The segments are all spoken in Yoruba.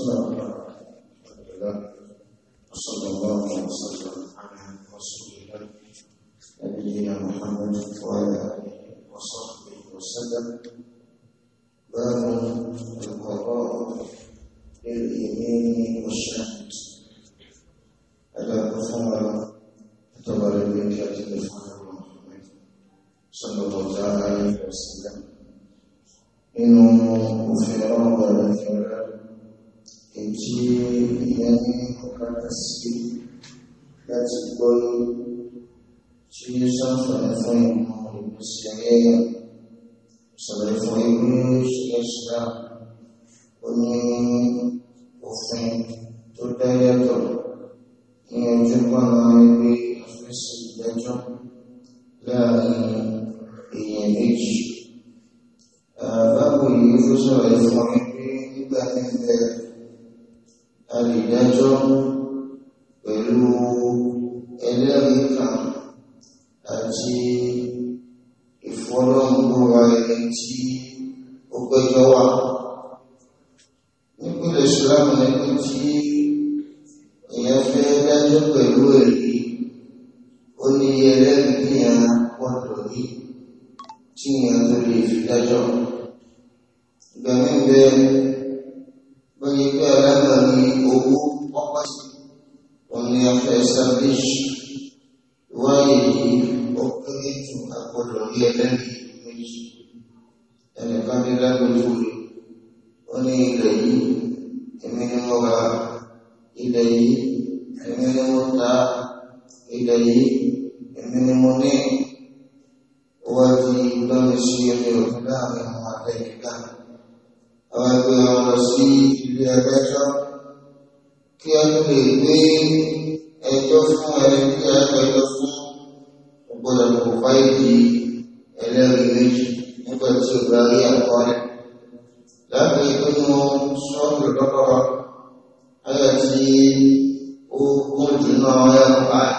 Bismillahirrahmanirrahim. Alhamdulillah. Wassallallahu wa tasiri láti gbọ́ tí ó ṣàǹfààní fún ìmọ̀ ìmọ̀síláyẹ̀yà sọ̀rọ̀ fún ìlú ìṣẹ̀lẹ̀ ìṣẹ̀lá ó òfin tó dá yàtọ̀ ní ọjọ́ pàmò ẹgbẹ́ àfẹ́sẹ̀ ìdájọ́ láàrin èèyàn méjì. Báwo yìí ló sọ̀rọ̀ fún ẹgbẹ́ nígbà tí ń bẹ àrídájọ́ yọ wa nípínlẹ̀ ìsìlámù lẹ́yìn tí èèyàn fẹ́ dájọ́ pẹ̀lú ẹ̀rí ó ní ẹlẹ́rìí tí èèyàn gbọ́dọ̀ rí tí èèyàn tó lè fi dájọ́ ìgbà mí bẹ́ẹ̀ bóyá pé alágbọ̀n ní owó ọkọ̀ sí òun ni a fẹ́ establish. ẹnìkan ní lágbèjú rẹ̀ ó ní ilẹ̀ yìí èmi ni mo ra ilẹ̀ yìí èmi ni mo ta ilẹ̀ yìí èmi ni mo ní wá di lọ́nà sí ẹni òfin láàrin àwọn àtẹ̀yìnká àwọn ẹgbẹ́ wọn lọ sí ilé ẹgbẹ́jọ́ kí a lè gbé ẹjọ́ fún ẹni tí a gbẹjọ́ fún ọgbọ́dọ̀ kò fáìlì ẹlẹ́rìí méjì. pẹ̀tùbárí àkọ́rí láti ìpinnu sọ́ọ̀tù lọ́kọ̀ọ́ ayọ̀ ó kún jùlọ ẹ̀kọ́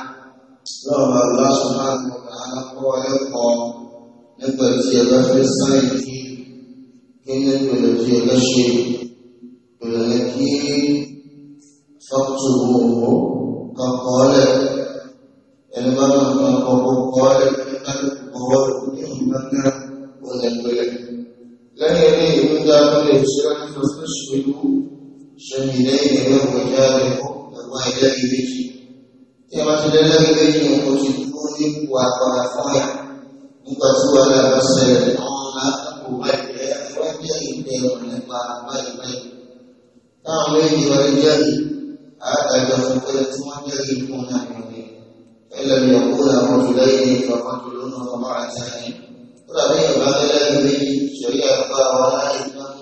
lọ́ọ̀bà lásùn náà kò ní alákọ̀ọ́ ẹ̀kọ́ nípa tí ẹ fẹ́ sáyé kí pèlè tí ẹ ṣe pèlè kí sọ́ọ̀tù gbogbo kọ̀ọ̀kọ́ lẹ̀ ẹni bá mọ̀ nǹkan kọ̀ọ̀kọ́ lẹ̀ kí kálukú kọ̀ọ̀kọ́ lẹ̀ kí ní ìgbà náà. يسرك فاستشهدوا شهدين له وجاره الله إلهي بيتي كما تدلل بيتي وقتلوني وأطرافها نقتل على مسألة عامة وغيرها وجاهي بيتي من الله بيتي táwọn méjì lọ jẹ́rìí àtàjọ fúnpẹ́ tí wọ́n jẹ́rìí fún náà nìyẹn ẹlẹ́mi ọ̀pọ̀ làwọn òṣèlú yìí ìfọ̀kànjọ́ lónà ọmọ àti ẹni ó dàbí ìyàbá lẹ́lẹ́mi méjì sọ̀rí àgbà àwọn aláìsàn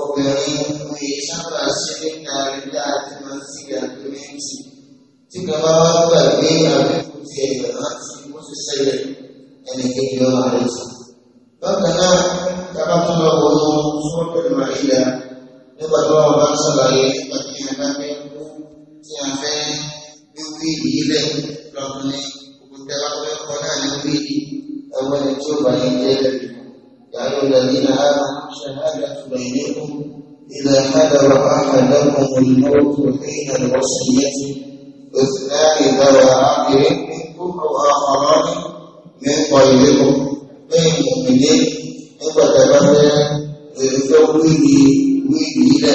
obìnrin wọn èyí sábà ṣe níta rí láti máa sí àgbẹ̀ méjì tí kàmá wá gbàgbé àbíkú ti ẹ̀yọ̀ láti wọ́n ti ṣẹlẹ̀ ẹnì kejì ọmọ rẹ̀ jù. bákan náà kábà tó lọ wọ lọ fún ọdún màríyà nígbà tó wọn bá ń ṣàlàyé nípa kí ẹ bá fẹ́ kú tí a fẹ́ wíwí ìyílẹ̀ lọ́kùnrin òkúta bá fẹ́ náà ní wíwí ẹ̀wọ́n tí ó bá yẹn jẹ́ yàrá ìlànà شهادة بينكم إذا حضر أحدكم الموت حين الوصية اثنان ذوى عقل منكم أو آخران من غيركم من مؤمنين إن تبدا لفوته وجيلا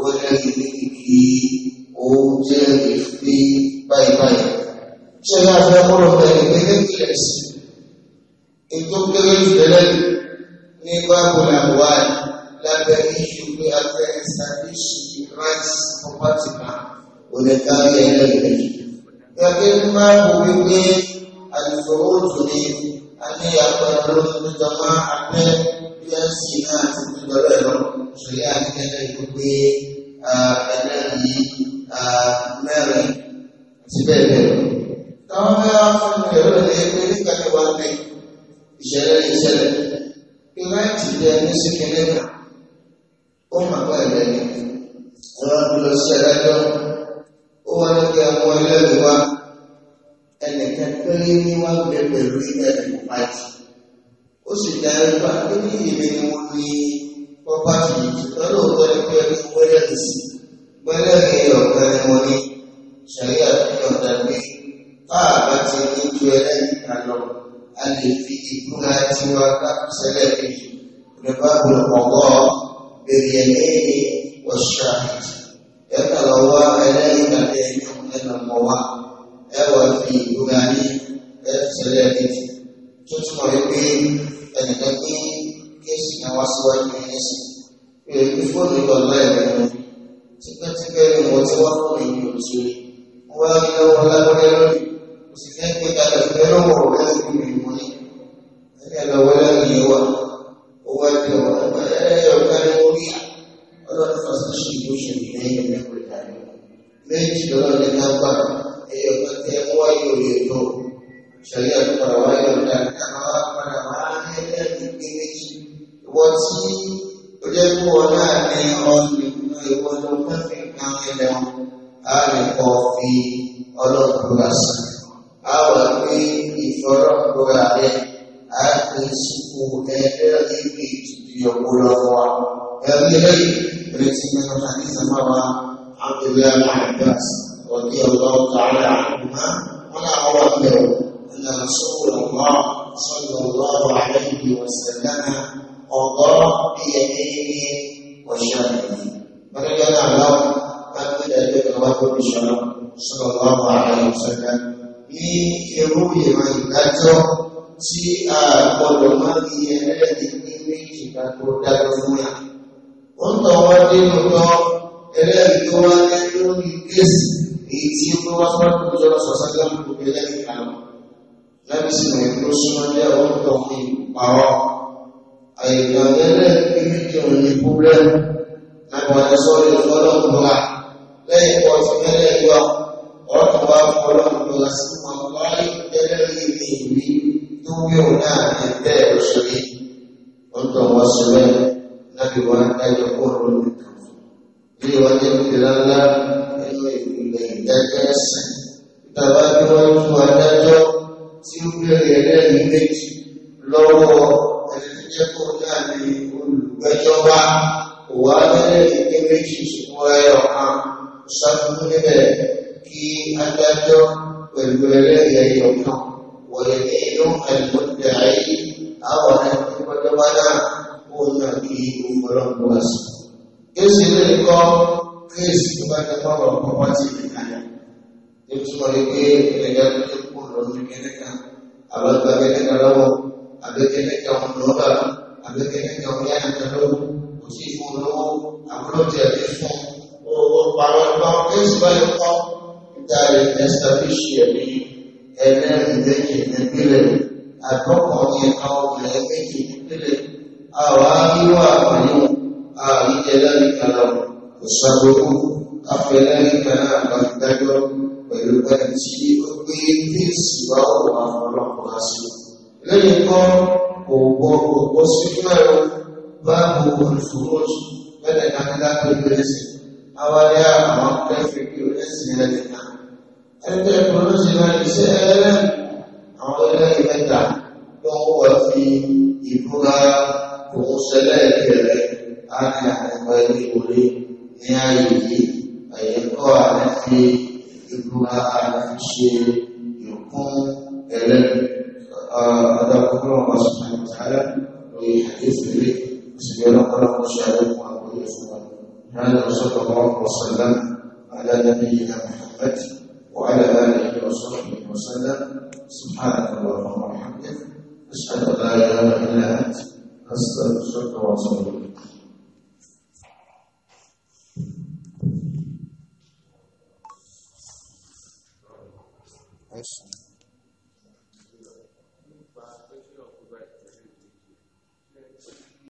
وجدته أو جاء في باي شهادة أمر هذا يقول هذا Example number one, that the issue we have to establish the rights of Fatima with the carrier energy. The game will be and for today, and they are going to the Jama and then we are seeing us to the level. So, yeah, it will be energy married. síbẹ̀ bẹ́ẹ̀ lọ. Ìrántí dẹ̀ ní síkìlẹ̀ náà, ó mà bá ẹ̀rẹ́ ni. Ìran bí lọ sí ẹ̀rẹ́jọ́, ó wá ní kí ọmọ ẹlẹ́rìí wá. Ẹnìkan péré ní wá gbé pẹ̀lú ẹ̀rù pàtì. Ó sì dá ẹrú bá pé ní ìrè ni wọ́n ní pọ́pátì yìí. Lọ́lọ́ọ̀tọ́ ni pé ẹni wẹ́lẹ́rìí sí. Wẹ́lẹ́rìí ọ̀gá ni wọ́n ní. Ṣàyẹ̀ àti ọ̀dà gbé. Báà bá ti ní ju ẹlẹ́yìn kan lọ a lè fi ìbúra tiwa lápùsẹ́lẹ̀ kejì oníbàbò ọ̀gbọ́ bèrè ẹlẹ́yìn ọ̀ṣà ẹ̀ka lọ́wọ́ ẹlẹ́yìn ìgbàlẹ̀ ẹ̀nà mọ́wá ẹ wà fi ìbúra ní ẹ̀sẹ̀lẹ̀ kejì tó túmọ̀ wípé ẹnìkan pé kéèsì náà wá síwájú ní ẹ̀sìn pé èmi fóònù lọ́lá ẹ̀rọ mi tipẹ́tipẹ́ ni mo ti wá fún èmi ò wọ́n á ní lọ́wọ́ lágbẹ́rẹ́ lórí kò sì fẹ́ gbé kalẹ̀ fẹ́ lọ́wọ́ substitution ló ṣe lẹ́yìn lẹ́kọ̀ọ́ ìdájọ́ méjì lọ́nà ní lágbà ẹ̀yọ̀ kan tẹ́ wáyé òye tó ṣẹlẹ̀ àtúpadà wáyé ọ̀dà àwọn àpàdà máa ń lẹ́yìn ìgbé méjì wọ́n tí ó jẹ́ kó wọn náà ní ọ̀nà ìwọ ló má fi kan ilẹ̀ wọn á lè kọ́ fi ọlọ́kùnrin àṣà á wà pé ìfọlọ́kùnrin àrẹ á pè sípò ẹgbẹ́ ìgbè ìtùtù ìyọ̀kú lọ́wọ́ ẹgbẹ́ lẹ́yìn. التي من حديث روى عبد الله بن عباس رضي الله تعالى عنهما ولا أراد له أن رسول الله صلى الله عليه وسلم قضى بيمينه وشماله فنجعل له أن يدعو الله بشرم صلى الله عليه وسلم ní irú ìran ìdájọ́ tí a gbọ́dọ̀ máa fi nínú tọ́ ẹlẹ́rìí tó wá ní lórí kéèsì èyí tí ó gbé wá sọ́dọ̀ tó jọba sọ̀sọ́ lọ́nà gbogbo ẹlẹ́rìí kan láti sì rìn tó súnmọ́ bí àwọn ọ̀tọ̀ fi pàrọ̀ àyèkà lẹ́lẹ̀ níbi tí òun ní púrẹ́mù lágbàdo sọ́dọ̀ ọlọ́run tó wà lẹ́yìn pọ̀ sí mẹ́lẹ̀ yọ ọ̀rọ̀ wá fún ọlọ́run sí wọn ẹlẹ́rìí tapi wanita yang kurun itu. Jadi wajib dilalah itu itu tetes. Tapi kalau wanita itu siapa yang ada image logo itu kurnya di mencoba wanita image semua orang satu ni deh ki ada tu berbeza ya yang orang. ويدين المدعي أو أن يكون ibu ọlọ́run wá sí. Kéèsì ilé ẹ̀kọ́ kéèsì tó bá jẹ mọ́rọ̀ pọ́pátì ìdíkàlẹ̀. Ní túmọ̀ ní pé ẹ̀yà tó ti kú lọ sí kẹ́nẹ́kà, àbágbà kẹ́nẹ́kà lọ́wọ́, àbẹ́ kẹ́nẹ́kà ọ̀hún lọ́ba, àbẹ́ kẹ́nẹ́kà ọ̀hún yá ẹ̀ka lọ́wọ́, kò sí ìfún lọ́wọ́, àbúrọ̀tì àti fún owó pàrọ̀ lọ́wọ́ kéèsì bá yẹ kọ́ dáre ẹ̀sítàbíṣì ẹ̀mí ẹ̀ẹ́dẹ́rìn méjì nípínlẹ̀ àgbọ̀kọ̀ yẹn náà ọ̀gbìn méjì nípínlẹ̀ àwáríwá àpàlú àríjẹ lẹ́ríkan lọ kò sàgbogbo afẹ lẹ́ríkan náà bá fi dájọ́ pẹ̀lú ẹni tí ó gbé kéèsì bá ọ̀rọ̀ àwọn ọlọ́pàá sí lẹ́yìn kan kò gbọ́ kò gbọ́ sí fẹ́rọ báàbò olùfòròjì bẹ́ẹ̀ ká ń dá pẹ̀lú ẹsẹ̀ awáyá àwọn kẹfì kí ẹsẹ̀ lẹ́ríkan ẹgbẹ́ ìpolóṣèlú ẹ̀ṣẹ́ ẹlẹ́rìn àwọn ẹlẹ́rìn mẹ́ta ló wọ́n fi sẹlẹ̀kẹ̀rẹ̀ àti àwọn ẹgbẹ́ orí ní ààyè yìí àyẹ̀kọ́ àti ìgbà àti ṣe ìkún ẹ̀rẹ́ ọ̀dọ́kùnrin ọ̀sán ìtàlẹ̀ lórí àdéfẹ́lẹ́ سبحانه وتعالى شارك وأبوه هذا صلى الله وسلم على نبينا محمد وعلى آله وصحبه وسلم سبحانك اللهم وبحمدك أشهد 他是说跟我说。